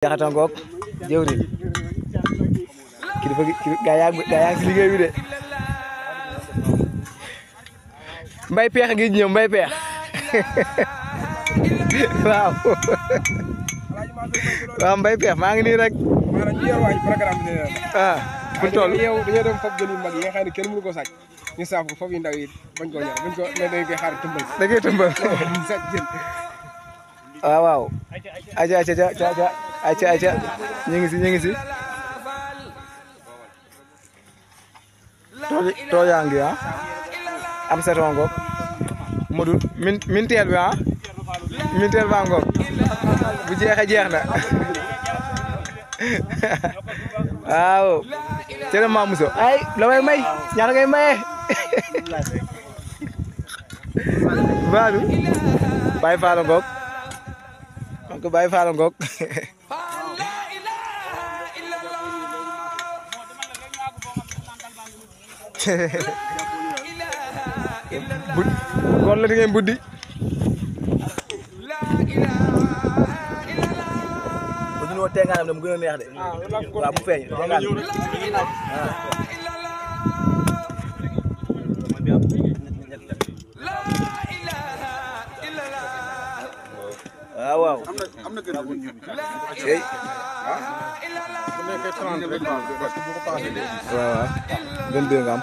jaxata ngoog jëwriñ kilifa si liggéey de mbay peex gi ñëw mbay peex waaw mbay peex maa ngi nii rek maanaam ñu yor bi ah fu toll bañ koo ñor bañ ah, waaw waaw ayca ayca ñu ngi si ñu ngi si too tooyaa ngi ah am setoo modul min minteel bi ah minteel baa ngoog bu jeexe jeex na waaw cere ma muso ay la may may ñaan maye baalu bàyyi faalo ngoog ko faalo ngoog bu kon la di ngeen buddi bu ñu woo teengaanam de mu gën a neex de waaw bu feeñ teengaan waaw waaw am na gën a tey ah bu nekkee 30 rek parce que bu ko passé waaw waaw gën dee nga am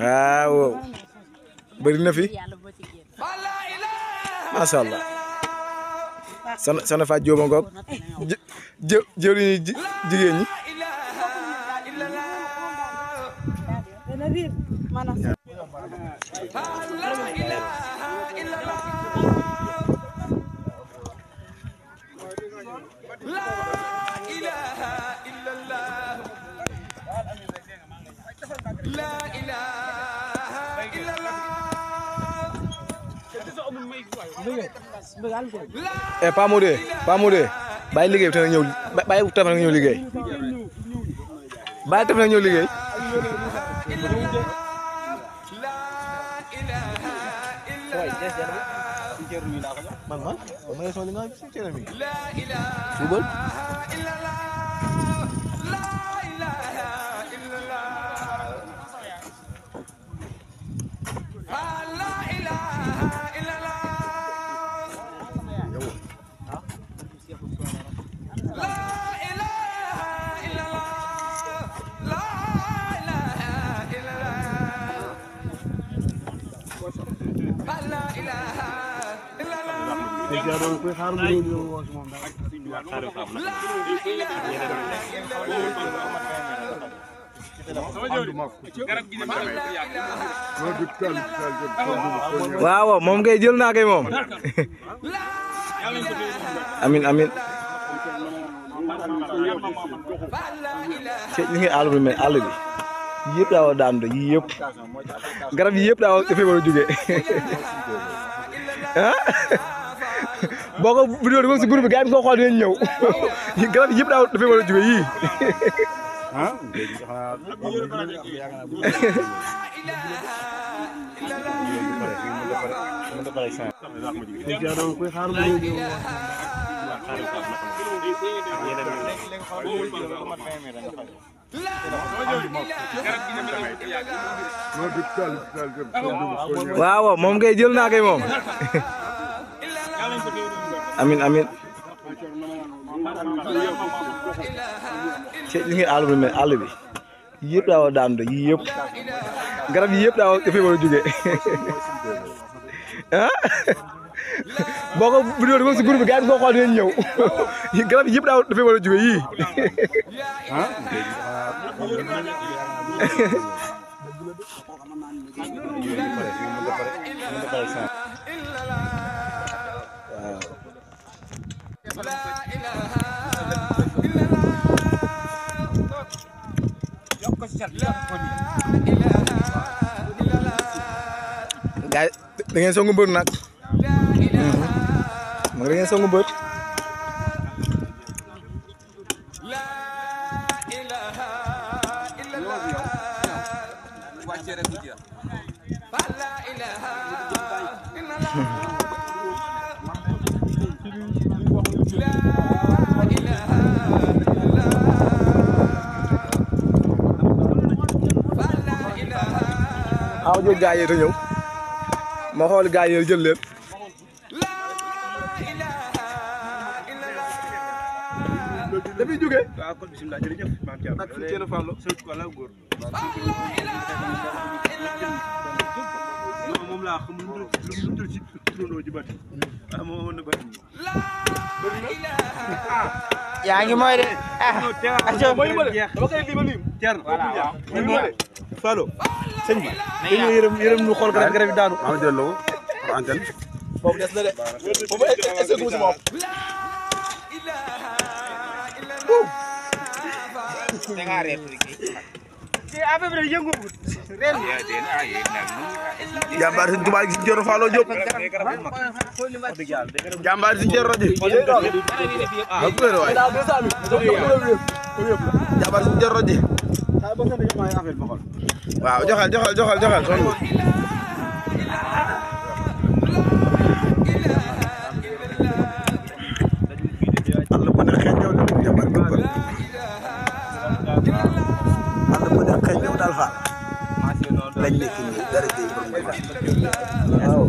waaw bëri na fi allah sana sana fa jóoba ngoog jë jëriñu jigéen La ilaha eh Paa Modou Paa Modou bàyyi liggéey bi te nag ñëw bàyyi téléphone nga ñëw liggéey bàyyi téléphone nga ñëw liggéey. man man man te moom daal. waaw jël naa kay moom. amin amin ci ñu ngi àll bi mais àll bi. yii yëpp daa war a daanu de yii yëpp garab yëpp daa war dafay war a jógee ah boo ko vidéo yëpp war a yii waaw waaw moom kay jël naa kay moom amin amin ci li ngeen àll bi mel àll bi yëpp daaw yii yëpp garab yii yëpp daaw dafay war a jóge ah boko video vidéo bi si groupe bi gars boko boo xool dinañ ñëw garab yëpp daaw dafay war a jóge yii da ngeen songu nga da ngeen songu bët aw jóg gaa yi ñëw ma xool gaa yi jël leen dafay jógee. waaw kon bisimilah jërëjëf maam Thiam. ak Thiel Fallo sëñ ko la góor. moom laa xam lu mu tudd ci turandoo ji bati. ah moom amoon na bati. bëri na ah. yaa ngi mooy de ah. atia mooy ma de dama koy lii ba lii. Thierno voilà waaw. lii ma de Fallo. sëñ bi dañoo yërëm yërëm ñu xool garab garab yi daanu. maa ngi delloo antenne. boobu des na de. boobu est-ce que da ngaa reer kii affaire bi dañuy yëngu reer bi. jàmbaar suñ tubaab gi joro Fallou Diop. jàmbaar suñ joro ji. jàmbaar suñ joro ji. waaw joxal joxal joxal joxal ànd bu ne xëy na daal faa lañ nekk nii dara tey waaw.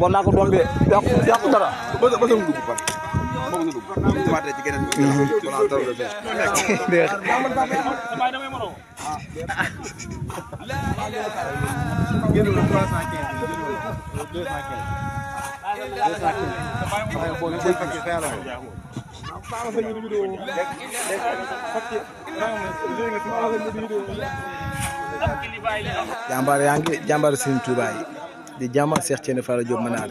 bon naa ko tombé yàqu yàqu dara ba ba sa Paama Seye di vidéo jàmbaar yaa ngi jàmbaar Serigne Touba yi di jàmbaar Cheikh Thiénaba Fall Diop mën naa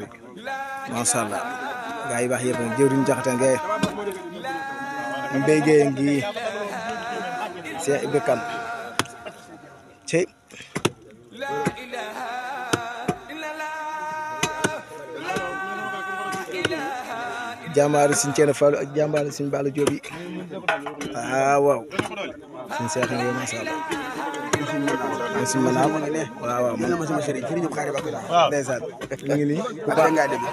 bi ngee mbéygee ngi Cheikh Ibra Kane jàmbaari suñ Ceerno Fallu ak jàmbaari suñ Baalu Jóob yi ah, waaw waaw suñ seex nga ma sha Allah suñ ñu ngi nii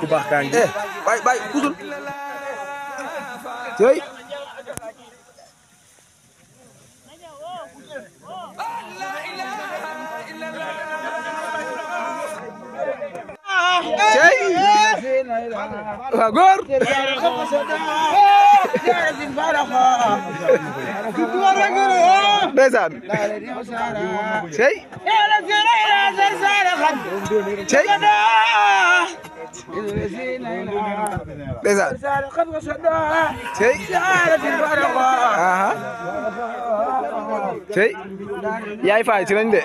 ku baax ku غور بزن چی چی بزن چی چی یای فای چرنده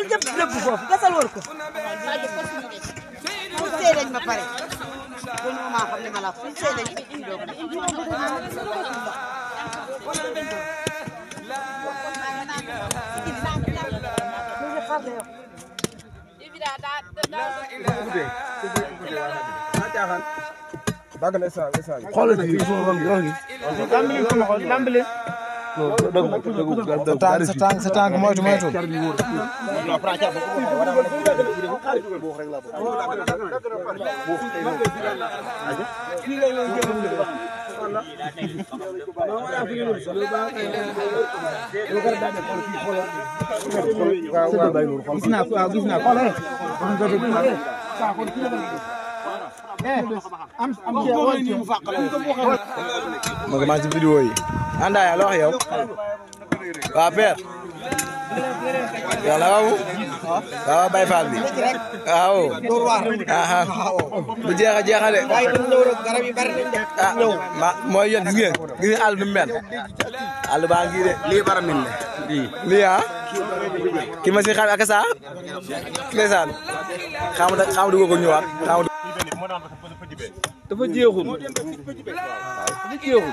bul def lépp foofu gasal war ko Sadio foofu mu nekk fu see dañ ba pare ba ñu maa xam ne ma la fu see dañ ba indoo ma xoolal fii foofu am yoon yi. Setang, setang, setang, kemau cuma itu. Bagaimana video ini? Andaaya loo wax yow waa père yàlla waaw waaw Baye Fall bi waaw aha bu jeex a jeexale ah ma mooy yéen gis ngeen gis ngeen àll bi mu de lii baramin la lii ah ki ma si xam ak saa ndeysaan xamu xamu dugg ko ñëwaat xamu dafa jeexul waaw dafa jeexul.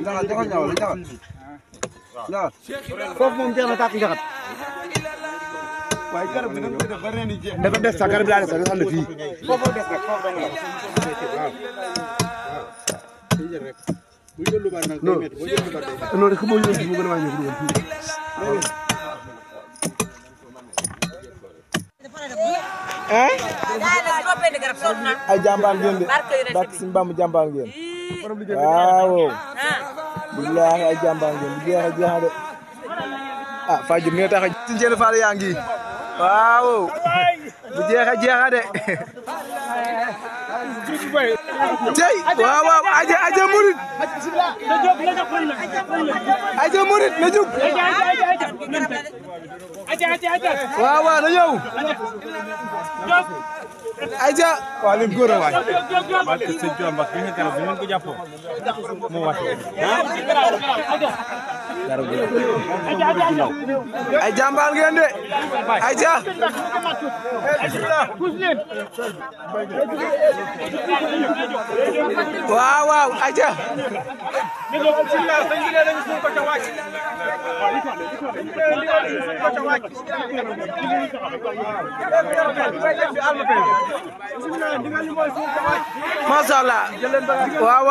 njaxat joxoon ñaaw la njaxat. njaxat foofu moom jeex na tàkk jeex. dafa des sax garab bi daa des sax nga xam ne fii. foofu des rek foofu dong la. ñu doon a hein ay jàmbaar ngeen de barke suñu Bàmba jàmbaar ngeen waaw billahi ay jàmbaar ngeen bu jeex a jeex de ah Fadio mi tax ci jeen faal aja aja murid aja murid na waaw waaw na ñëw ayca waaw li góor a waay. barke sëñ Tuubaa Mbàkke gis nga garab bi mën macha allah waaw waaw